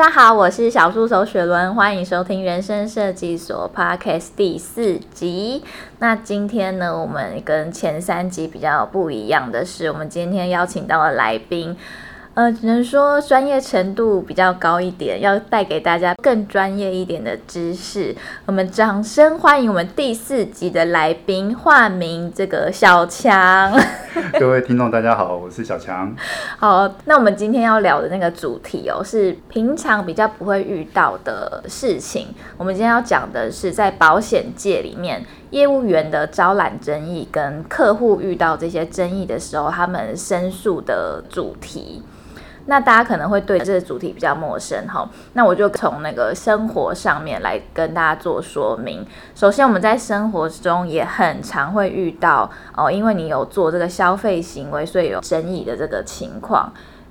大家好，我是小助手雪倫，歡迎收聽《人生設計所》Podcast 第四集。那今天呢，我們跟前三集比較不一樣的是，我們今天邀請到了來賓。呃，只能說專業程度比較高一點，要帶給大家更專業一點的知識。我們掌聲歡迎我們第四集的來賓，化名這個小強。各位聽眾，大家好，我是小強。好，那我們今天要聊的那個主題哦，是平常比較不會遇到的事情。我們今天要講的是，在保險界裡面，業務員的招攬爭議跟客戶遇到這些爭議的時候，他們申訴的主題。那大家可能會對這個主題比較陌生哈，那我就從那個生活上面來跟大家做說明。首先，我們在生活中也很常會遇到哦，因為你有做這個消費行為，所以有爭議的這個情況。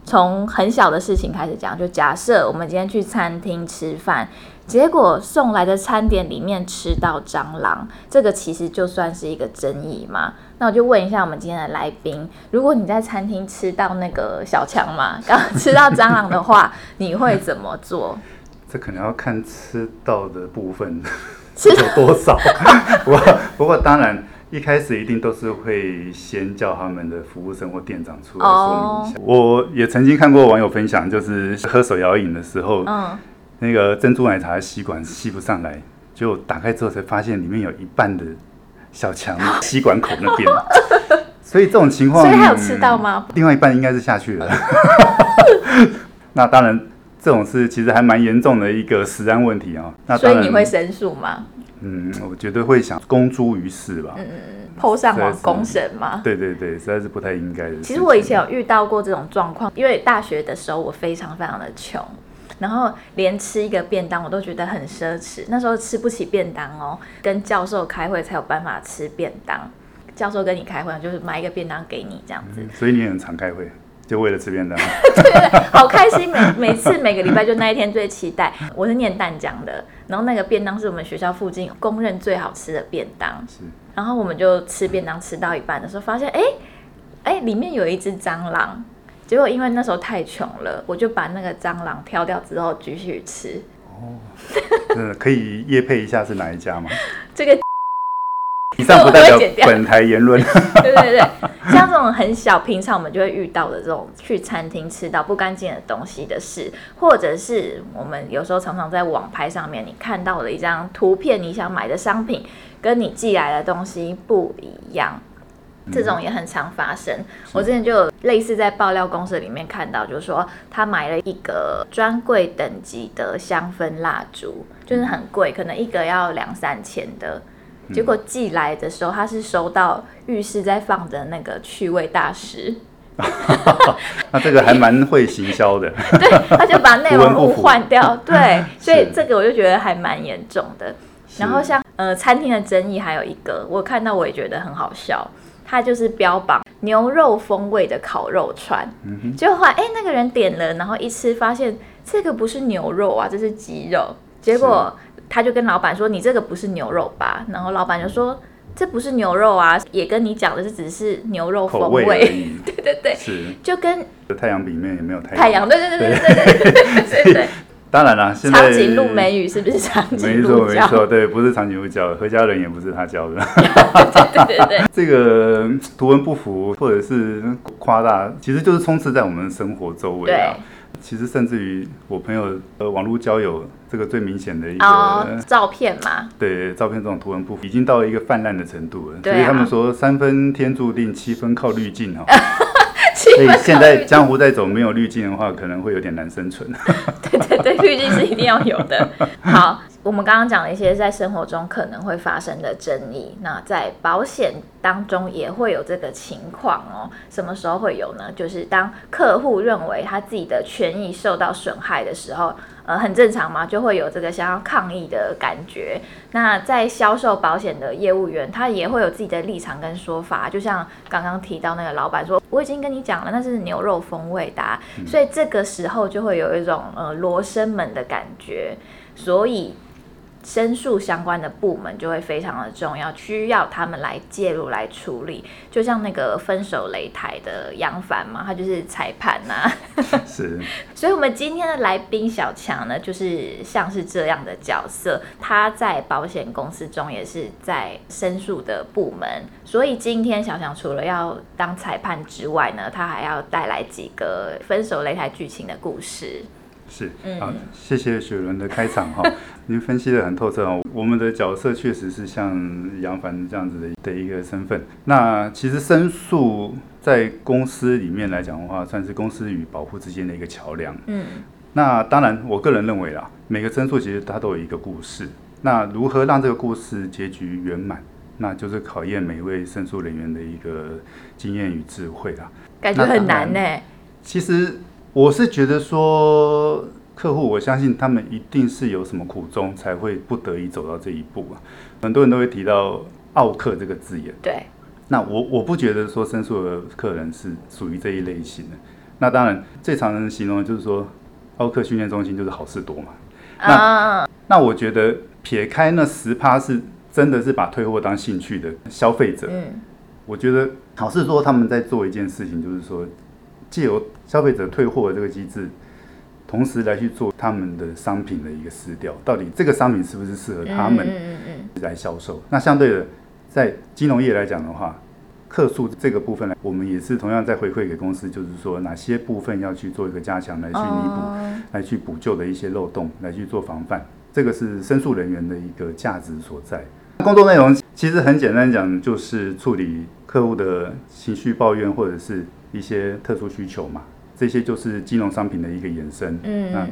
從很小的事情開始講，就假設我們今天去餐廳吃飯。結果送來的餐點裡面吃到蟑螂，這個其實就算是一個爭議嘛。那我就問一下我們今天的來賓，如果你在餐廳吃到那個小強嘛，剛吃到蟑螂的話， 你會怎麼做？這可能要看吃到的部分吃 有多少。 不過，不過當然一開始一定都是會先叫他們的服務生或店長出來說明一下。Oh. 我也曾經看過網友分享，就是喝手搖飲的時候，嗯。那個珍珠奶茶的吸管吸不上來，結果打開之後才發現裡面有一半的小強，吸管口那邊， 所以這種情況，所以還有吃到嗎、嗯？另外一半應該是下去了。 那當然，這種是其實還蠻嚴重的一個食安問題啊、哦。那所以你會申訴嗎？嗯，我絕對會想公諸於世吧。嗯嗯嗯，拋上網公審嘛。對對對，實在是不太應該的。其實我以前有遇到過這種狀況，因為大學的時候我非常非常的窮。然後連吃一個便當我都覺得很奢侈，那時候吃不起便當哦，跟教授開會才有辦法吃便當。教授跟你開會就是買一個便當給你這樣子。嗯，所以你也很常開會，就為了吃便當。 對，好開心，每每次每個禮拜就那一天最期待。我是念淡江的，然後那個便當是我們學校附近公認最好吃的便當。是。然後我們就吃便當吃到一半的時候，發現哎哎裡面有一隻蟑螂。結果因為那時候太窮了，我就把那個蟑螂挑掉之後繼續吃。哦、可以業配一下是哪一家嗎？ 這個以上不代表本台言論。 對對對，像這種很小，平常我們就會遇到的這種去餐廳吃到不乾淨的東西的事，或者是我們有時候常常在網拍上面，你看到的一張圖片，你想買的商品跟你寄來的東西不一樣。這種也很常發生。我之前就有類似在爆料公司裡面看到，就是說他買了一個專櫃等級的香氛蠟燭，就是很貴，可能一個要兩三千的，嗯。結果寄來的時候，他是收到浴室在放着那個去味大師。那、啊 啊、這個還蠻會行銷的。 對，他就把內容物換掉，不不。對，所以這個我就覺得還蠻嚴重的。然後像呃餐廳的爭議還有一個，我看到我也覺得很好笑。他就是標榜牛肉風味的烤肉串，結果後來哎，那個人點了，然後一吃發現這個不是牛肉啊，這是雞肉。結果他就跟老闆說：“你這個不是牛肉吧？”然後老闆就說：“這不是牛肉啊，也跟你講的這只是牛肉風味，口味而已。 ”對對對，就跟太陽餅裡面也沒有太陽，太陽對對對對對對對。 對對對當然啦、現在，長頸鹿美女是不是長頸鹿？沒錯沒錯，對，不是長頸鹿教的，何家人也不是他教的。 對對對，對，這個圖文不符或者是誇大，其實就是充斥在我們生活周圍啊。其實甚至於我朋友呃網絡交友這個最明顯的一個、oh, 照片嘛，對照片這種圖文不符已經到了一個泛濫的程度了對、啊。所以他們說三分天注定，七分靠濾鏡哈。 所以現在江湖在走，沒有濾鏡的話，可能會有點難生存。 對對對，濾鏡是一定要有的。 好。我們剛剛講了一些在生活中可能會發生的爭議，那在保險當中也會有這個情況哦。什麼時候會有呢？就是當客戶認為他自己的權益受到損害的時候，呃，很正常嘛，就會有這個想要抗議的感覺。那在銷售保險的業務員，他也會有自己的立場跟說法，就像剛剛提到那個老闆說，我已經跟你講了，那是牛肉風味的啊，所以這個時候就會有一種呃羅生門的感覺，所以。申訴相關的部門就會非常的重要，需要他們來介入來處理。就像那個分手擂台的楊凡嘛，他就是裁判吶、啊。 是。所以，我們今天的來賓小強呢，就是像是這樣的角色。他在保險公司中也是在申訴的部門，所以今天小強除了要當裁判之外呢，他還要帶來幾個分手擂台劇情的故事。是，好，啊嗯，謝謝雪倫的開場哈， 您分析得很透徹啊。我們的角色確實是像揚煩這樣子的的一個身份。那其實申訴在公司裡面來講的話，算是公司與保護之間的一個橋梁。嗯，那當然，我個人認為啦，每個申訴其實它都有一個故事。那如何讓這個故事結局圓滿，那就是考驗每一位申訴人員的一個經驗與智慧啦。感覺很難呢、欸。其實。我是覺得說，客戶，我相信他們一定是有什麼苦衷，才會不得已走到這一步啊。很多人都會提到「奧客」這個字眼。對。那我我不覺得說申訴的客人是屬於這一類型的。那當然，最常人形容的就是說，奧客訓練中心就是好事多嘛那。那、啊、那我覺得撇開那十趴是真的是把退貨當興趣的消費者、嗯。我覺得，好事說他們在做一件事情，就是說。借由消費者退貨的這個機制，同時來去做他們的商品的一個試調，到底這個商品是不是適合他們來銷售欸欸欸欸？那相對的，在金融業來講的話，客訴這個部分來，來我們也是同樣在回饋給公司，就是說哪些部分要去做一個加強，哦，來去彌補，來去補救的一些漏洞，來去做防範。這個是申訴人員的一個價值所在。工作內容其實很簡單講，就是處理客戶的情緒抱怨，或者是。一些特殊需求嘛，這些就是金融商品的一個延伸。嗯嗯，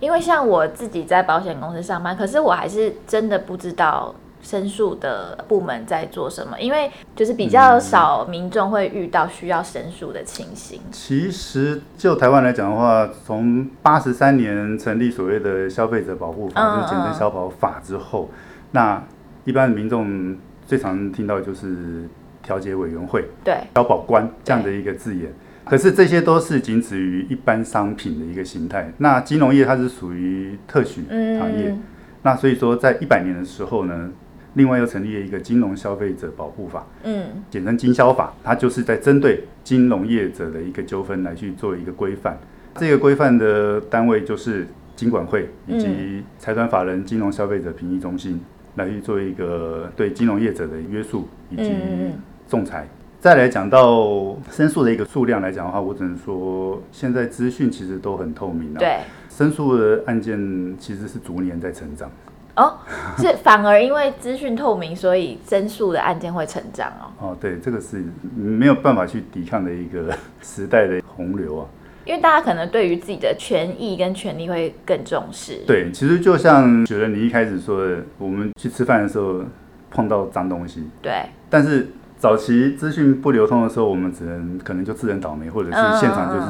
因為像我自己在保險公司上班，可是我還是真的不知道申訴的部門在做什麼，因為就是比較少民眾會遇到需要申訴的情形。嗯，其實就台灣來講的話，從八十三年成立所謂的消費者保護法，嗯嗯，就是簡稱消保法之後，那一般民眾最常聽到就是。調解委員會、對消保官這樣的一個字眼，可是這些都是僅止於一般商品的一個形態。那金融業它是屬於特許行業，嗯、那所以說在一百年的時候呢，另外又成立了一個金融消費者保護法，嗯，簡稱金消法，它就是在針對金融業者的一個糾紛來去做一個規範。這個規範的單位就是金管會以及財團法人金融消費者評議中心來去做一個對金融業者的約束以及、嗯。仲裁。再來講到申訴的一個數量來講的話，我只能說，現在資訊其實都很透明的啊。對，申訴的案件其實是逐年在成長。哦，是反而因為資訊透明，所以申訴的案件會成長哦。哦，對，這個是沒有辦法去抵抗的一個時代的洪流啊。因為大家可能對於自己的權益跟權利會更重視。對，其實就像覺得你一開始說的，我們去吃飯的時候碰到髒東西，對，但是。早期資訊不流通的時候，我們只能可能就自認倒霉，或者是現場就是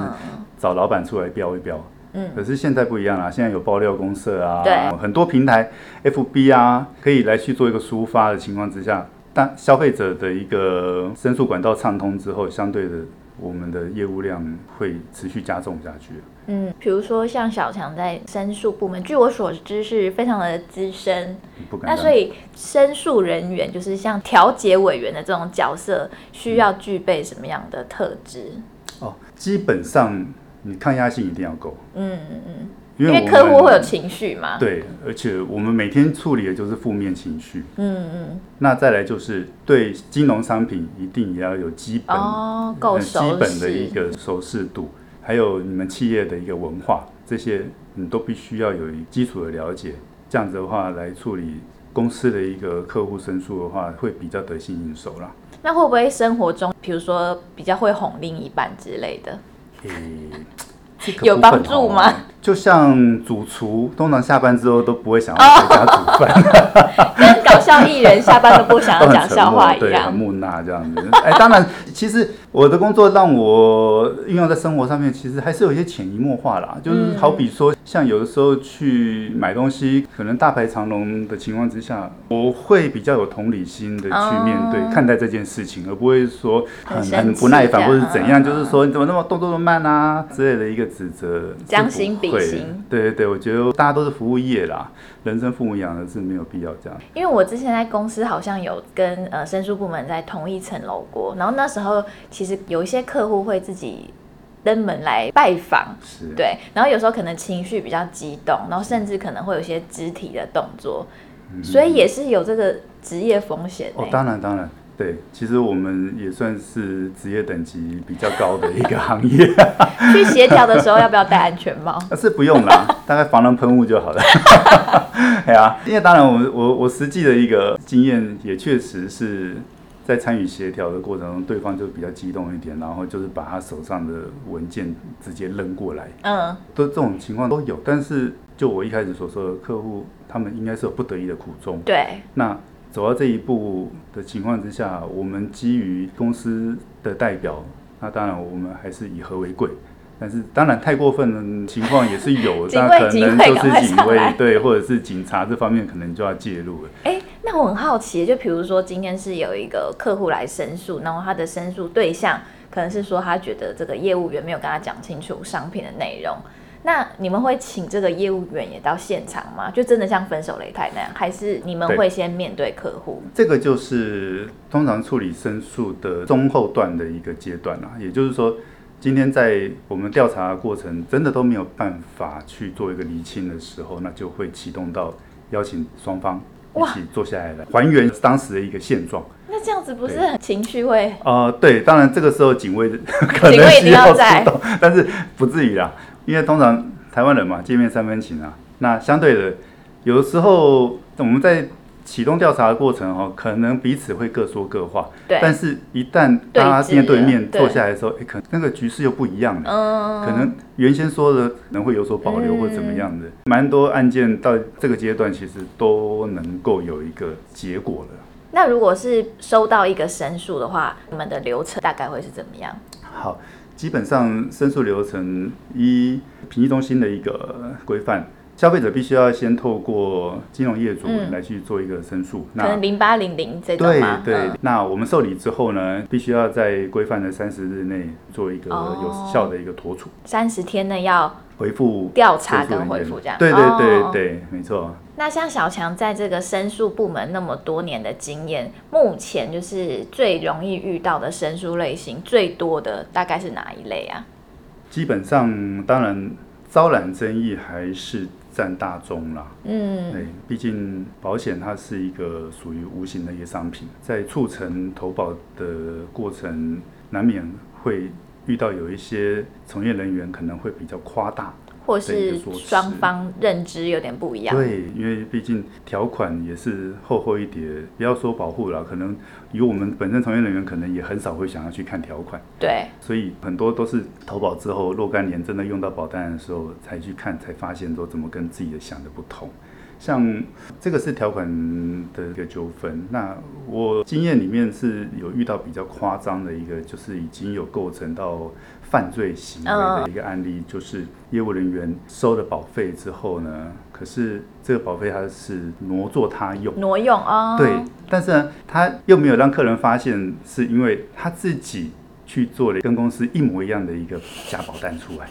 找老板出來飆一飆。嗯，可是現在不一樣啦、啊，現在有爆料公社啊，很多平台 FB 啊，可以來去做一個抒發的情況之下，但消費者的一個申訴管道暢通之後，相對的。我們的業務量會持續加重下去。嗯，比如說像小強在申訴部門，據我所知是非常的資深。不敢講。那所以申訴人員就是像調解委員的這種角色，需要具備什麼樣的特質？嗯、哦，基本上你抗壓性一定要夠。嗯嗯嗯。嗯因為客戶會有情緒嘛？對，而且我們每天處理的就是負面情緒。嗯嗯。那再來就是對金融商品一定也要有基本、哦、很基本的一個熟識度，還有你們企業的一個文化，這些你都必須要有基礎的了解。這樣子的話，來處理公司的一個客戶申訴的話，會比較得心應手啦。那會不會生活中，比如說比較會哄另一半之類的嘿，有幫助嗎？就像主廚通常下班之後都不會想要在家煮飯，跟、oh、 搞笑藝人 下班都不想要講笑話一樣，對，很木訥這樣子。 哎，當然，其實我的工作讓我運用在生活上面，其實還是有一些潛移默化啦、嗯。就是好比說，像有的時候去買東西，可能大排長龍的情況之下，我會比較有同理心的去面對、uh, 看待這件事情，而不會說很很、啊、很不耐煩或者怎樣。就是說，你怎麼那麼動作那麼慢啊之類的一個指責，將心。對對對，我覺得大家都是服務業啦，人生父母養的是沒有必要這樣。因為我之前在公司好像有跟呃申訴部門在同一層樓過，然後那時候其實有一些客戶會自己登門來拜訪是，對，然後有時候可能情緒比較激動，然後甚至可能會有些肢體的動作，所以也是有這個職業風險，欸。哦，當然當然。對，其實我們也算是職業等級比較高的一個行業。 去協調的時候要不要戴安全帽？那 是不用啦， 大概防人噴霧就好了。 對啊，因為當然我，我我我實際的一個經驗也確實是在參與協調的過程中，對方就比較激動一點，然後就是把他手上的文件直接扔過來。嗯，都這種情況都有，但是就我一開始所說的，客戶他們應該是有不得已的苦衷。對，那。走到這一步的情況之下，我們基於公司的代表，那當然我們還是以和為貴。但是當然太過分的情況也是有， 但可能就是警衛，對，或者是警察這方面可能就要介入了。欸，那我很好奇，就比如說今天是有一個客戶來申訴，然後他的申訴對象可能是說他覺得這個業務員沒有跟他講清楚商品的內容。那你們會請這個業務員也到現場嗎？就真的像分手擂台那樣，還是你們會先面對客戶？對，這個就是通常處理申訴的中後段的一個階段啦、啊。也就是說，今天在我們調查的過程真的都沒有辦法去做一個釐清的時候，那就會啟動到邀請雙方一起坐下來，來，來還原當時的一個現狀。那這樣子不是很情緒會？呃，對，當然這個時候警衛可能警衛一定要在，但是不至於啦。因為通常台灣人嘛，見面三分情啊。那相對的，有的時候我們在啟動調查的過程哦，可能彼此會各說各話。對。但是，一旦大家面對面坐下來的時候，誒，可那個局勢又不一樣了。嗯。可能原先說的，可能會有所保留或怎麼樣的、嗯。蠻多案件到這個階段，其實都能夠有一個結果了。那如果是收到一個申訴的話，你們的流程大概會是怎麼樣？好。基本上申訴流程依評議中心的一個規範，消費者必須要先透過金融業主來去做一個申訴、嗯。可能零八零零這段對對、嗯，那我們受理之後呢，必須要在規範的三十日內做一個有效的一個妥處。三、哦、十天呢要。回復調查跟回復這樣，對對對對、哦，沒錯、啊。那像小強在這個申訴部門那麼多年的經驗，目前就是最容易遇到的申訴類型最多的大概是哪一類啊？基本上，當然招攬爭議還是佔大宗啦。嗯，哎，畢竟保險它是一個屬於無形的一個商品，在促成投保的過程難免會。遇到有一些從業人員可能會比較誇大，或是雙方認知有點不一樣。對，因為畢竟條款也是厚厚一疊，不要說保戶了，可能以我們本身從業人員可能也很少會想要去看條款。對，所以很多都是投保之後若干年真的用到保單的時候才去看，才發現說怎麼跟自己的想的不同。像這個是條款的一個糾紛，那我經驗裡面是有遇到比較誇張的一個，就是已經有構成到犯罪行為的一個案例，就是業務人員收了保費之後呢，可是這個保費他是挪作他用，挪用啊，對，但是呢他又沒有讓客人發現，是因為他自己去做了跟公司一模一樣的一個假保單出來。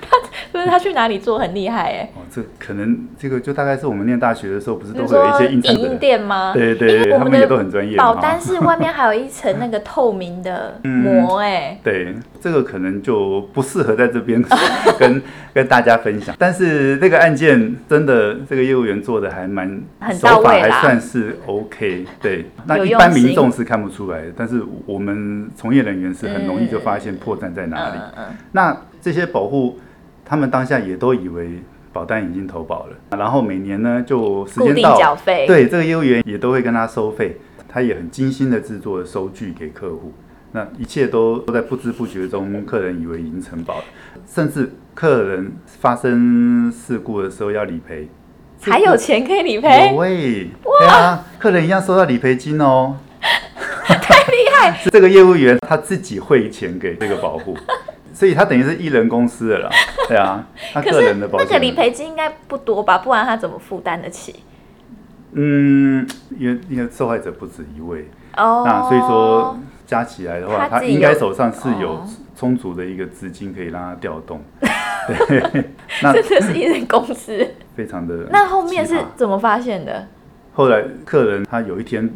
他不是他去哪裡做？很厲害！哎、欸！哦，這可能這個就大概是我們念大學的時候，不是都會有一些影印店嗎？對對對，他們也都很專業。保單是外面還有一層那個透明的膜哎、欸嗯。對，這個可能就不適合在這邊 跟跟大家分享。但是這個案件真的，這個業務員做的還蠻很到位，手法還算是 OK。對，那一般民眾是看不出來的，但是我們從業人員是很容易就發現破綻在哪裡。嗯。嗯嗯那這些保戶，他們當下也都以為保單已經投保了，然後每年呢，就時間到固定繳費，對，這個業務員也都會跟他收費，他也很精心的制作了收據給客戶，那一切都都在不知不覺中，客人以為已經承保了，甚至客人發生事故的時候要理賠，這個、還有錢可以理賠，對啊，客人一樣收到理賠金哦，太厲害！ 這個業務員他自己匯錢給這個保戶。所以他等於是一人公司的啦，對啊，他個人的保險。可是那個理賠金應該不多吧？不然他怎麼負擔得起？嗯，因為因為受害者不止一位哦、oh，那所以說加起來的話，他應該手上是有充足的一個資金可以讓他調動。真的是一人公司，非常的。那後面是怎麼發現的？後來客人他有一天。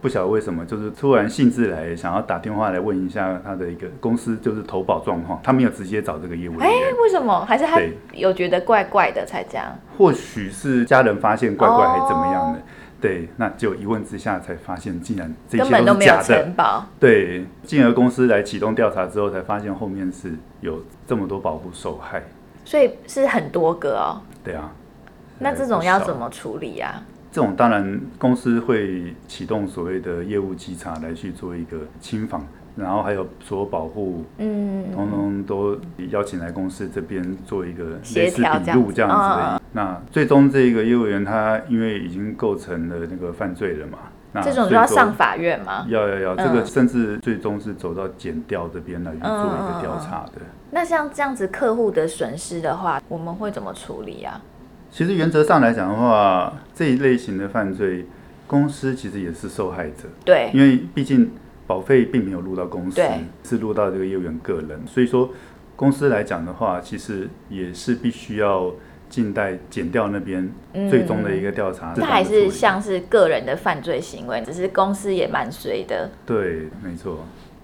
不曉得為什麼，就是突然興致來，想要打電話來問一下他的一個公司，就是投保狀況。他沒有直接找這個業務員，哎、欸，為什麼？還是他有覺得怪怪的才這樣？或許是家人發現怪怪，還是怎麼樣的、哦？對，那就一問之下才發現，竟然這些都，根本都沒有承保。對，進而公司來啟動調查之後，才發現後面是有這麼多保戶受害。所以是很多個哦。對啊。那這種要怎麼處理呀、啊？這種當然，公司會啟動所謂的業務稽查來去做一個清訪，然後還有做保護，嗯，通通都邀請來公司這邊做一個協調筆錄這樣子的、嗯嗯。那最終這個業務員他因為已經構成了那個犯罪了嘛，嗯嗯那這，了那了嘛那這種就要上法院嗎？要要要，這個甚至最終是走到檢調這邊來做一個調查的，嗯嗯嗯。那像這樣子客戶的損失的話，我們會怎麼處理啊？其實原則上來講的話，這一類型的犯罪，公司其實也是受害者。對，因為畢竟保費並沒有入到公司，是入到這個業務員個人。所以說，公司來講的話，其實也是必須要靜待檢調那邊最終的一個調查、嗯。這還是像是個人的犯罪行為，只是公司也蠻衰的。對，沒錯。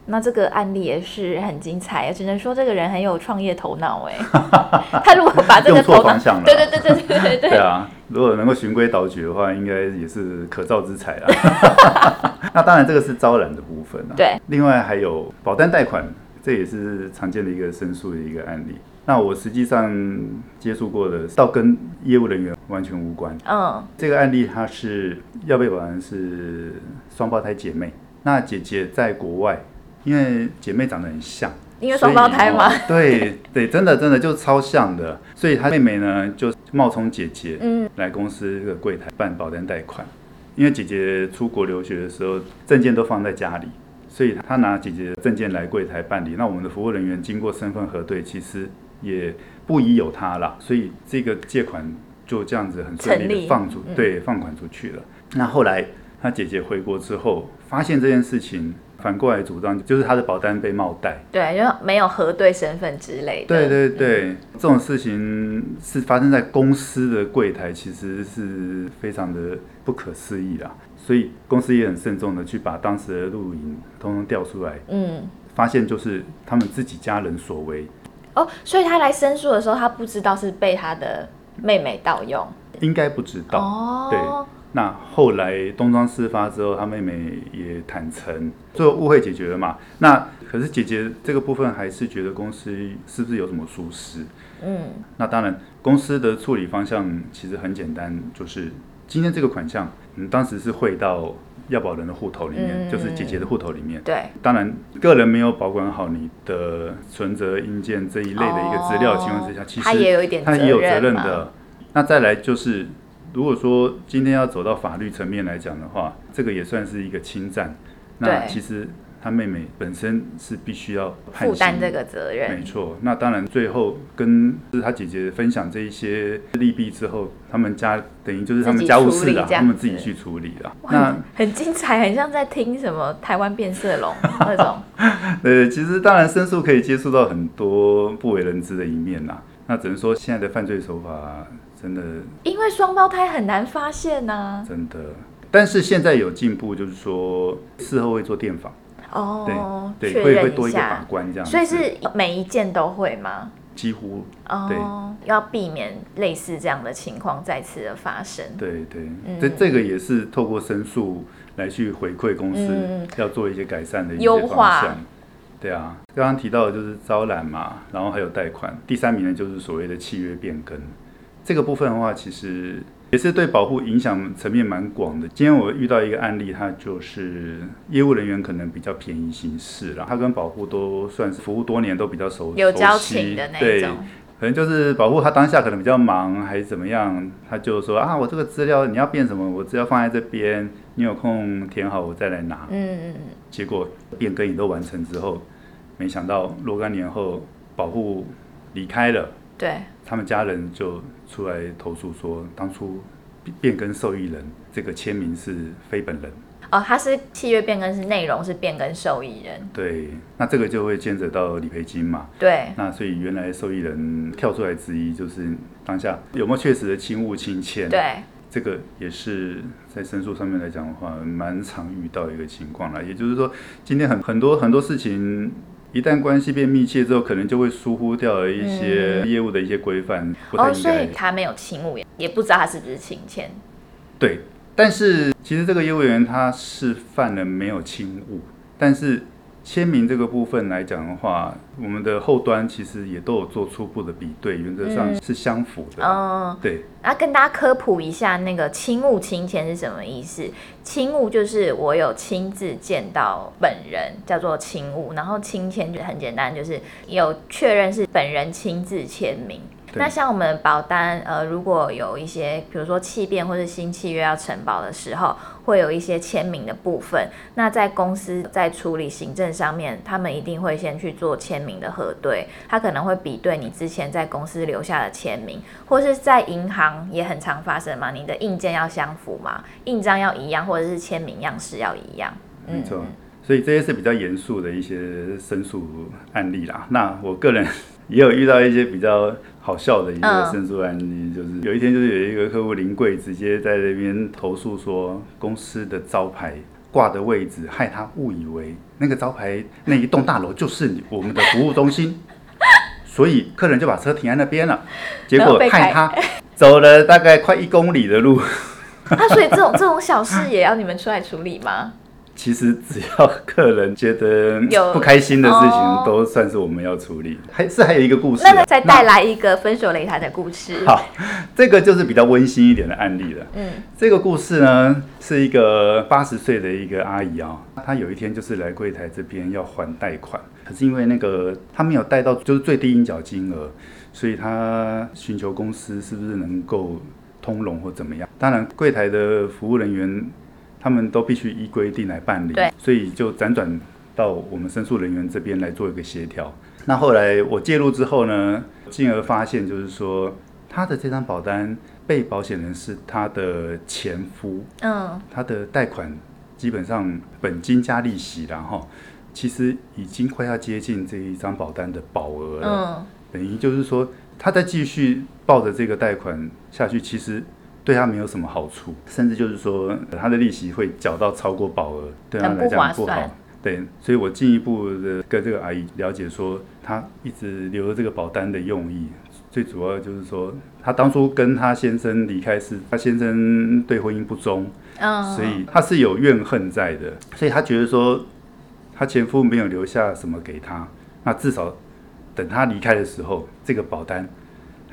那這個案例也是很精彩、啊，只能說這個人很有創業頭腦哎、欸。 他如果把這個用錯方向了 對對對對對對 對啊，如果能夠循規蹈矩的話，應該也是可造之才啊。 那當然，這個是招攬的部分啊。對，另外還有保單貸款，這也是常見的一個申訴的一個案例。那我實際上接觸過的，倒跟業務人員完全無關。嗯，這個案例他是要被保人是雙胞胎姐妹，那姐姐在國外。因為姐妹長得很像，因為雙胞胎嘛。對對，真的真的就超像的，所以她妹妹呢就冒充姐姐，嗯，來公司的櫃檯辦保單貸款，嗯。因為姐姐出國留學的時候證件都放在家裡，所以她拿姐姐的證件來櫃檯辦理。那我們的服務人員經過身份核對，其實也不疑有他了，所以這個借款就這樣子很順利的放出，嗯，對，放款出去了。那後來她姐姐回國之後，發現這件事情。反過來主張，就是他的保單被冒貸，對，因為沒有核對身份之類的。對對對，嗯，這種事情，是發生在公司的櫃檯，其實是非常的不可思議啦。所以公司也很慎重的去把當時的錄影通通調出來，嗯，發現就是他們自己家人所為。哦，所以他來申訴的時候，他不知道是被他的妹妹盜用，應該不知道哦。對。那後來東窗事發之後，他妹妹也坦承，最後誤會解決了嘛？那可是姐姐這個部分還是覺得公司是不是有什麼疏失？嗯，那當然公司的處理方向其實很簡單，就是今天這個款項，嗯，當時是匯到要保人的戶頭裡面，嗯，就是姐姐的戶頭裡面。對，當然個人沒有保管好你的存折、印鑑這一類的一個資料，情況之下，哦，其實他也有一點責任，他也有責任的。那再來就是。如果說今天要走到法律層面來講的話，這個也算是一個侵占。對。那其實他妹妹本身是必須要負擔這個責任。沒錯。那當然，最後跟就是他姐姐分享這一些利弊之後，他們家等於就是他們家務事啊，他們自己去處理啦。那很精彩，很像在聽什麼台灣變色龍那種。呃， 其實當然申訴可以接觸到很多不為人知的一面啦、啊。那只能說現在的犯罪手法真的，因為雙胞胎很難發現呢、啊。真的，但是現在有進步，就是說事後會做電訪哦，對，對，確認一下。會會多一個把關這樣。所以是每一件都會嗎？幾乎，哦、對，要避免類似這樣的情況再次的發生。對對，嗯、這這個也是透過申訴來去回饋公司、嗯，要做一些改善的一些方向、優化。對啊，剛剛提到的就是招攬嘛，然後還有貸款。第三名呢，就是所謂的契約變更。這個部分的話，其實也是對保護影響層面蠻廣的。今天我遇到一個案例，他就是業務人員可能比較便宜行事啦，然後他跟保護都算是服務多年，都比較熟悉，有交情的那種。對，可能就是保護他當下可能比較忙，還是怎麼樣，他就說啊，我這個資料你要變什麼，我只要放在這邊，你有空填好我再來拿。嗯嗯嗯。結果變更也都完成之後。沒想到若干年後，保戶離開了，對，他們家人就出來投訴說，當初變更受益人這個簽名是非本人。哦，他是契約變更，是內容是變更受益人。對，那這個就會牽扯到理賠金嘛？對。那所以原來受益人跳出來質疑就是當下有沒有確實的親晤親簽？對，這個也是在申訴上面來講的話，蠻常遇到一個情況了。也就是說，今天很很多很多事情。一旦關係變密切之後，可能就會疏忽掉了一些業務的一些規範，嗯。哦，所以他沒有親晤，也不知道他是不是親簽。對，但是其實這個業務員他是犯了沒有親晤，但是。簽名這個部分來講的話，我們的後端其實也都有做初步的比對，原則上是相符的。嗯，呃、對。那、啊、跟大家科普一下，那個親晤、親簽是什麼意思？親晤就是我有親自見到本人，叫做親晤；然後親簽就很簡單，就是有確認是本人親自簽名。那像我們保單，呃，如果有一些比如說契變或是新契約要承保的時候。會有一些簽名的部分，那在公司在處理行政上面，他們一定會先去做簽名的核對，他可能會比對你之前在公司留下的簽名，或是在銀行也很常發生嘛，你的印鑑要相符嘛，印章要一樣，或者是簽名樣式要一樣，嗯。沒錯，所以這些是比較嚴肅的一些申訴案例啦。那我個人。也有遇到一些比較好笑的一個申訴案例，就是有一天就是有一個客戶臨櫃直接在那邊投訴說，公司的招牌掛的位置害他誤以為那個招牌那一棟大樓就是我們的服務中心，所以客人就把車停在那邊了，結果害他走了大概快一公里的路。嗯。那 所以這種這種小事也要你們出來處理嗎？其實只要客人覺得有不開心的事情，都算是我們要處理。還是還有一個故事、啊，那再帶來一個分手擂台的故事。好，這個就是比較溫馨一點的案例了。嗯，這個故事呢，是一個八十歲的一個阿姨啊、哦，她有一天就是來櫃台這邊要還貸款，可是因為那個她沒有帶到就是最低應繳金額，所以她尋求公司是不是能夠通融或怎麼樣？當然櫃台的服務人員。他們都必須依規定來辦理，對，所以就輾轉到我們申訴人員這邊來做一個協調。那後來我介入之後呢，進而發現就是說，他的這張保單被保險人是他的前夫，嗯，他的貸款基本上本金加利息，然後其實已經快要接近這一張保單的保額了，嗯、等於就是說他再繼續抱着這個貸款下去，其實。對他沒有什麼好處，甚至就是說，他的利息會繳到超過保額，對他來講不好不。對，所以我進一步的跟這個阿姨了解說，說她一直留這個保單的用意，最主要就是說，她當初跟她先生離開是她先生對婚姻不忠，哦，所以她是有怨恨在的，所以她覺得說，她前夫沒有留下什麼給她，那至少等她離開的時候，這個保單。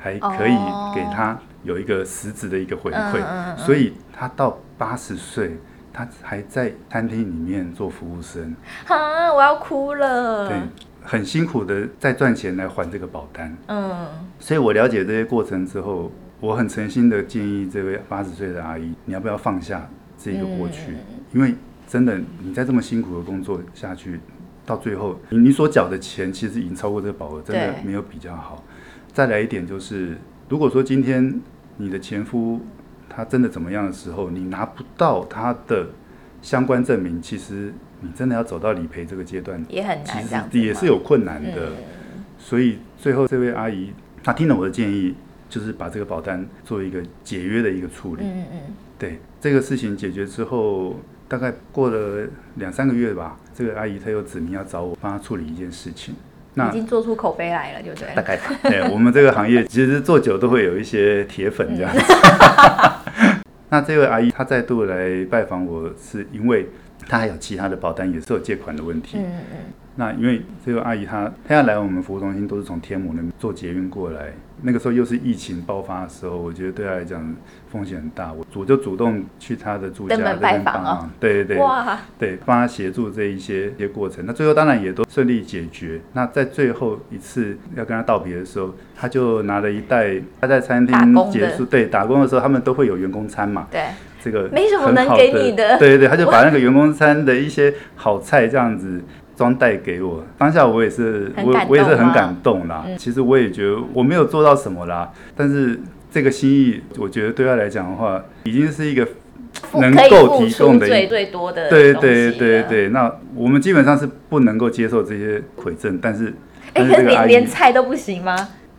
還可以給他有一個實質的一個回饋，所以他到八十歲，他還在餐廳裡面做服務生。哈，我要哭了。對，很辛苦的在賺錢來還這個保單。嗯，所以我了解這些過程之後，我很誠心的建議這位八十歲的阿姨，你要不要放下這個過去？因為真的，你在這麼辛苦的工作下去，到最後你所繳的錢其實已經超過這個保額，真的沒有比較好。再來一點就是，如果說今天你的前夫他真的怎麼樣的時候，你拿不到他的相關證明，其實你真的要走到理賠這個階段，也很難，這樣子吧，其實也是有困難的、嗯。所以最後這位阿姨她聽了我的建議、嗯，就是把這個保單做一個解約的一個處理。嗯嗯，對，這個事情解決之後，大概過了兩三個月吧，這個阿姨她又指名要找我幫她處理一件事情。已經做出口碑來了，對不對？大概，對，我們這個行業其實做久都會有一些鐵粉這樣。嗯、 那這位阿姨她再度來拜訪我是因為她還有其他的保單也是有借款的問題、嗯。嗯、那因為這位阿姨她她要來我們服務中心都是從天母那邊坐捷運過來。那個時候又是疫情爆發的時候，我覺得對他來講風險很大，我主就主動去他的住家拜訪啊，對對對，哇，對，幫他協助這一些些過程。那最後當然也都順利解決。那在最後一次要跟他道別的時候，他就拿了一袋，他在餐廳結束，對，打工的時候他們都會有員工餐嘛，對，這個很好沒什麼能給你的，對對，他就把那個員工餐的一些好菜這樣子。裝帶給我，當下我也是，我我也是很感動啦、嗯。其實我也覺得我沒有做到什麼啦，但是這個心意，我覺得對他來講的話，已經是一個能夠提供的最最多的。對對對對，那我們基本上是不能夠接受這些饋贈，但是哎、欸，可是連連菜都不行嗎？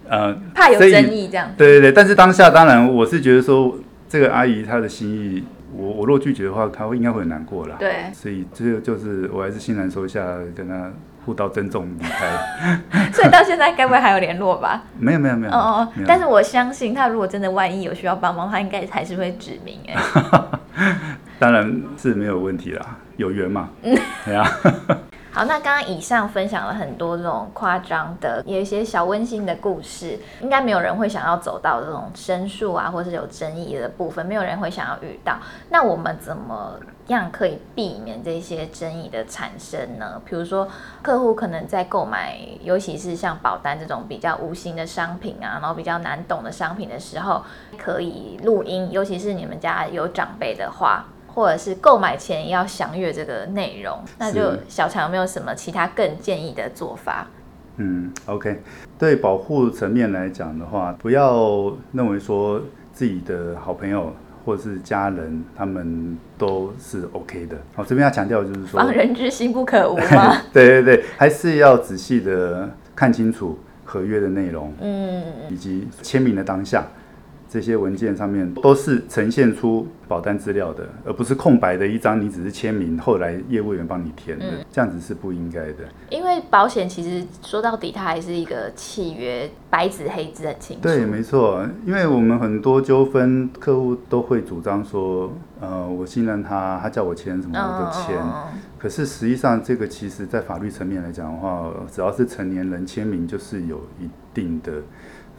嗯、呃，怕有爭議這樣。對對對，但是當下當然我是覺得說，這個阿姨她的心意。我我若拒絕的話，他會應該會很難過了。對，所以這個就是我還是欣然收一下，跟他互道珍重離開。 所以到現在該不會還有聯絡吧？ 沒有沒有沒有哦、嗯、哦，但是我相信他如果真的萬一有需要幫忙，他應該還是會指名哎、欸。 當然是沒有問題啦，有緣嘛， 對啊。 好，那剛剛以上分享了很多這種誇張的，也有一些小溫馨的故事，應該沒有人會想要走到這種申訴啊，或是有爭議的部分，沒有人會想要遇到。那我們怎麼樣可以避免這些爭議的產生呢？比如說客戶可能在購買，尤其是像保單這種比較無形的商品啊，然後比較難懂的商品的時候，可以錄音，尤其是你們家有長輩的話。或者是購買前要詳閱這個內容，那就小強有沒有什麼其他更建議的做法？嗯，OK，對保護層面來講的話，不要認為說自己的好朋友或者是家人，他們都是 OK 的。好，哦，這邊要強調就是說，防人之心不可無嘛。 對對對，還是要仔細的看清楚合約的內容，嗯，以及簽名的當下。這些文件上面都是呈現出保單資料的，而不是空白的一張，你只是簽名，後來業務員幫你填的、嗯，這樣子是不應該的。因為保險其實說到底，它還是一個契約，白紙黑字很清楚。對，沒錯。因為我們很多糾紛客戶都會主張說，嗯、呃，我信任他，他叫我簽什麼我就簽、哦。可是實際上，這個其實在法律層面來講的話，只要是成年人簽名，就是有一定的。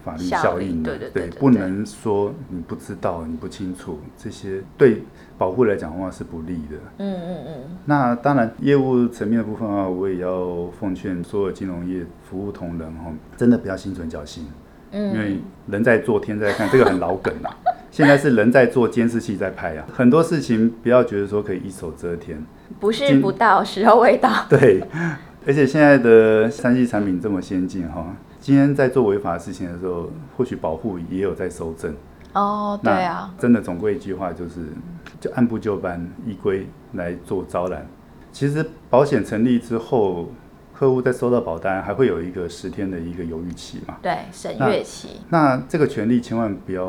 法律效應的效，對對，對，對，對不能說你不，對對對對對你不知道、你不清楚這些，對保護來講的話是不利的。嗯嗯嗯，那。那當然，業務層面的部分啊，我也要奉勸所有金融業服務同仁哈，真的不要心存僥倖。嗯嗯，因為人在做，天在看，這個很老梗了、啊。 現在是人在做，監視器在拍啊。很多事情不要覺得說可以一手遮天。不是不到時候未到。對。而且現在的 3C 產品這麼先進哈，今天在做違法的事情的時候，或許保戶也有在收證哦。對啊，真的總歸一句話就是，就按部就班依規來做招攬。其實保險成立之後，客戶在收到保單還會有一個十天的一個猶豫期嘛？對，審閱期那。那這個權利千萬不要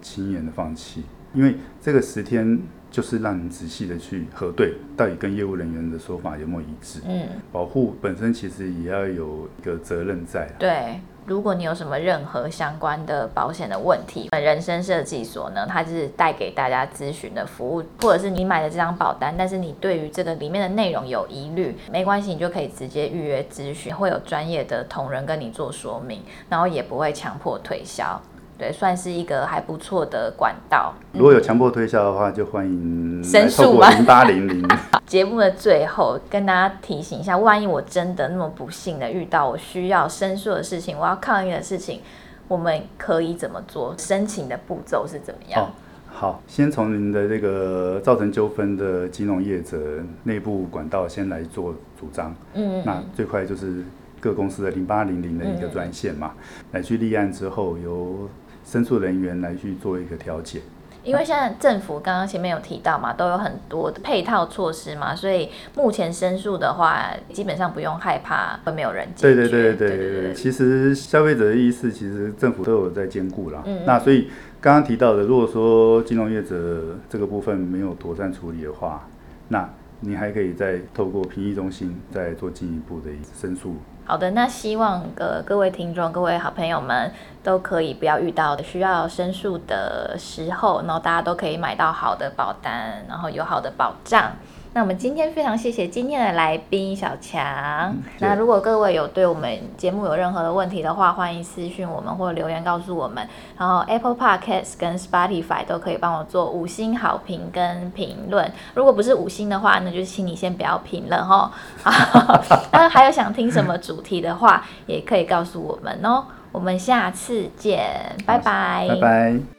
輕言的放棄，因為這個十天。就是讓你仔細的去核對，到底跟業務人員的說法有沒有一致。嗯，保護本身其實也要有一個責任在。嗯、對，如果你有什麼任何相關的保險的問題，人生設計所呢，它就是帶給大家諮詢的服務，或者是你買的這張保單，但是你對於這個裡面的內容有疑慮，沒關係，你就可以直接預約諮詢，會有專業的同仁跟你做說明，然後也不會強迫推銷。對，算是一個還不錯的管道。如果有強迫推銷的話、嗯，就歡迎來透過 0800, 申訴。零八零零。節目的最後，跟大家提醒一下，萬一我真的那麼不幸的遇到我需要申訴的事情，我要抗議的事情，我們可以怎麼做？申請的步驟是怎麼樣？哦、好，先從您的這個造成糾紛的金融業者內部管道先來做主張。嗯嗯。那最快就是各公司的零八零零的一個專線嘛、嗯，來去立案之後由。申訴人員來去做一個調解，因為現在政府剛剛前面有提到嘛，都有很多配套措施嘛，所以目前申訴的話，基本上不用害怕會沒有人解決。對對對對，對對對對，其實消費者的意思，其實政府都有在兼顧啦。嗯嗯。那所以剛剛提到的，如果說金融業者這個部分沒有妥善處理的話，那你還可以再透過評議中心再做進一步的申訴。好的，那希望各位聽眾、各位好朋友們都可以不要遇到的需要申訴的時候，然後大家都可以買到好的保單，然後有好的保障。那我們今天非常謝謝今天的來賓小強、嗯。那如果各位有對我們節目有任何的問題的話，歡迎私訊我們或留言告訴我們。然後 Apple Podcast 跟 Spotify 都可以幫我做五星好評跟評論。如果不是五星的話，那就請你先不要評論哈、哦。 那還有想聽什麼主題的話， 也可以告訴我們哦。我們下次見，拜拜，拜拜。